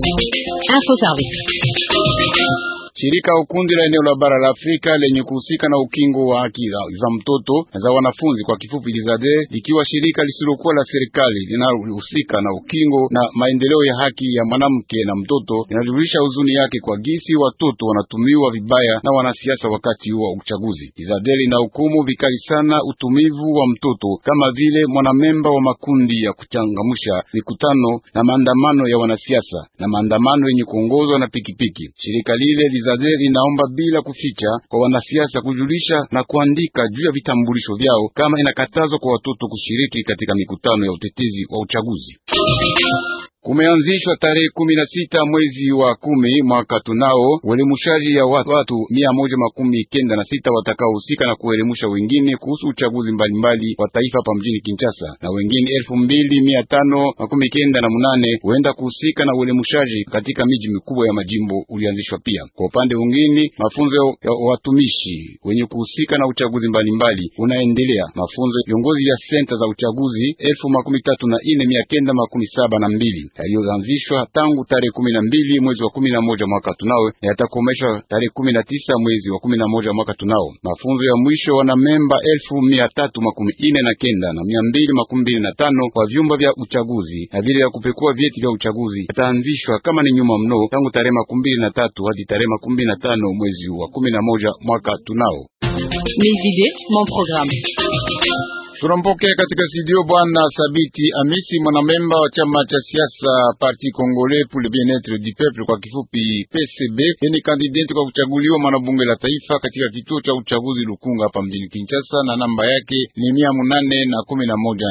Infoservice. Shirika ukundi la eneo la bara la Afrika lenye kuhusika na ukingo wa haki za mtoto za wanafunzi kwa kifupi Lizade, ikiwa shirika lisilokuwa la serikali linalohusika na ukingo na maendeleo ya haki ya mwanamke na mtoto, linajulisha huzuni yake kwa gisi watoto wanatumiwa vibaya na wanasiasa wakati wa uchaguzi. Lizade lina hukumu vikali sana utumivu wa mtoto kama vile mwanamemba wa makundi ya kuchangamsha mikutano na maandamano ya wanasiasa na maandamano yenye kuongozwa na pikipiki. Shirika lile Lizade Crader inaomba bila kuficha kwa wanasiasa kujulisha na kuandika juu ya vitambulisho vyao, kama inakatazwa kwa watoto kushiriki katika mikutano ya utetezi wa uchaguzi kumeanzishwa tarehe kumi na sita mwezi wa kumi mwaka tunao uelimushaji ya watu mia moja makumi kenda na sita watakaohusika na kuelimusha wengine kuhusu uchaguzi mbalimbali wa taifa hapa mjini Kinshasa, na wengine elfu mbili mia tano makumi kenda na munane huenda kuhusika na uelimushaji katika miji mikubwa ya majimbo ulianzishwa pia. Kwa upande mwingine, mafunzo ya watumishi wenye kuhusika na uchaguzi mbalimbali unaendelea. Mafunzo viongozi ya senta za uchaguzi elfu makumi tatu na ine mia kenda makumi saba na mbili yaliyoanzishwa tangu tarehe kumi na mbili mwezi wa kumi na moja mwaka tunao na yatakomeshwa tarehe kumi na tisa mwezi wa kumi na moja mwaka tunao. Mafunzo ya mwisho wana memba elfu mia tatu makumi ine na kenda na mia mbili makumi mbili na tano kwa vyumba vya uchaguzi na vile vya kupekua vyeti vya uchaguzi yataanzishwa kama ni nyuma mno tangu tarehe makumi mbili na tatu hadi tarehe makumi mbili na tano mwezi wa kumi na moja mwaka tunao. Tunampokea katika studio bwana Sabiti Amisi, mwanamemba wa chama cha siasa Parti Congolais pour le bien-etre du peuple, kwa kifupi PCB. Yeye ni kandidati kwa kuchaguliwa mwanabunge la taifa katika kituo cha uchaguzi Lukunga hapa mjini Kinshasa, na namba yake ni mia munane na kumi na moja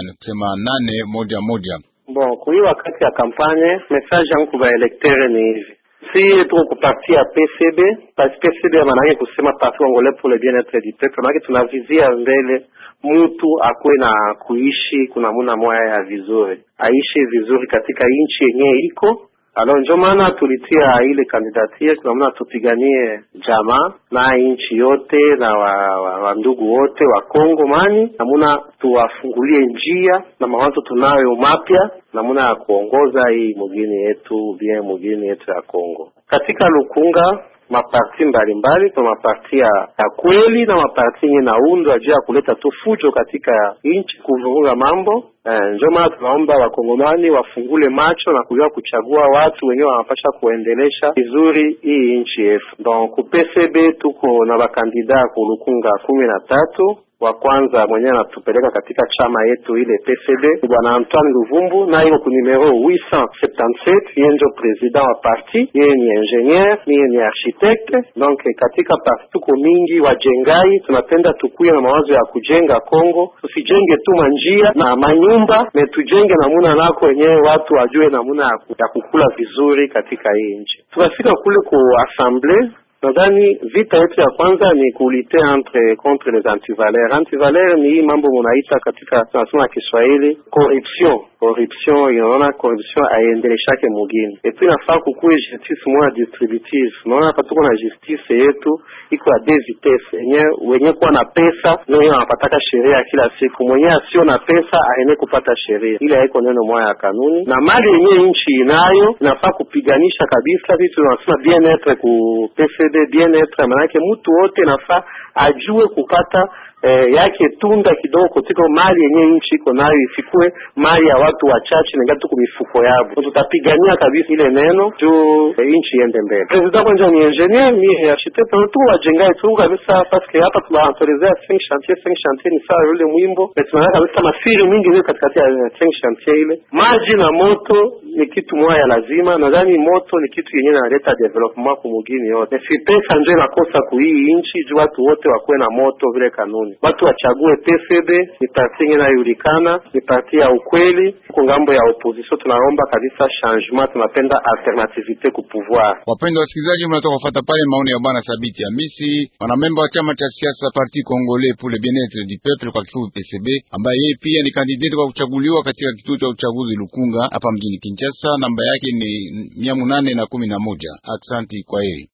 nane moja moja. Bon, kuiwa wakati ya kampanye message yangu kwa electeur ni hivi si tuko kupatia PCB basi PCB maanake kusema parti congolais pour le bien être du peuple, maanake tunavizia mbele mtu akuwe na kuishi kuna muna moya ya vizuri, aishi vizuri katika nchi yenyewe iko Alo, njo maana tulitia ile kandidati yetu, namna tupiganie jamaa na nchi yote na wandugu wa, wa wote wa Kongo mani, namuna tuwafungulie njia na mawazo tunayo mapya, namuna ya kuongoza hii mugini yetu bien mugini yetu ya Kongo katika Lukunga maparti mbalimbali kwa maparti ya kweli na maparti yenye naundwa juu ya kuleta tu fujo katika nchi, kuvuruga mambo Eh, ndio maana tunaomba wakongomani wafungule macho na kujua kuchagua watu wenyewe wanapasha kuendelesha vizuri hii nchi yetu. Donc ku PCB tuko na bakandida kulukunga kumi na tatu wa kwanza mwenyewe anatupeleka katika chama yetu ile PCD bwana Antoine Luvumbu, na iko ku numero 877. Yeye ndio president wa parti, yeye ni engineer, yeye ni architecte. Donc katika parti tuko mingi wajengai, tunapenda tukuye na mawazo ya kujenga Kongo, tusijenge tu manjia na manyu kutuumba metujenge namuna nako wenyewe watu wajue namuna ya kukula vizuri katika hii nchi. Tukafika kule ku asamble Nadhani vita yetu ya kwanza ni kulite entre contre les antivaleur antivaleur ni hii mambo munaita katika tunasema Kiswahili corruption. Corruption, inaona corruption aiendeleshake mugini, et puis nafaa kukuwe justice moya distributive. Naona hapa tuko na justice yetu iko ya deux vitesse, enye wenye kuwa na pesa ndio wanapataka sheria kila siku, mwenye asio na pesa aende kupata sheria. Ile haiko neno moya ya kanuni, na mali yenye nchi inayo inafaa kupiganisha kabisa, vitu tunasema bien etre ku pesa de bien-être, maanake mtu wote nafaa ajue kupata e, yake tunda kidogo tiko mali yenye nchi iko nayo isikue mali ya watu wachache nenga tuku mifuko yabo. Tutapigania kabisa ile neno juu e, nchi iende mbele. President kwanja ni engineer, mi ni architect, tu wajengae tu kabisa paske hapa tunaantorizea cinq chantier cinq chantier ni sawa yule mwimbo na eh, tunaona kabisa mafiri mingi ziko katikati ya cinq chantier ile. Maji na moto ni kitu moja ya lazima, nadhani moto ni kitu yenye inaleta development kumugini yote, si pesa ndio inakosa kuhii nchi juu watu wote wakuwe na moto vile kanuni Watu wachague PSD, ni parti inayojulikana, ni parti ya ukweli. Kwa ngambo ya opposition tunaomba kabisa changement, tunapenda alternativite ku pouvoir. Wapendwa wasikilizaji, mnatoka kufuata pale maoni ya bwana Sabiti Hamisi, mwanamemba wa chama cha siasa Parti Congolais pour le bien du peuple, kwa kifupi PCB, ambaye yeye pia ni kandidati kwa kuchaguliwa katika kituo cha uchaguzi Lukunga hapa mjini Kinshasa. Namba yake ni mia munane na kumi na moja. Aksanti, kwa heri.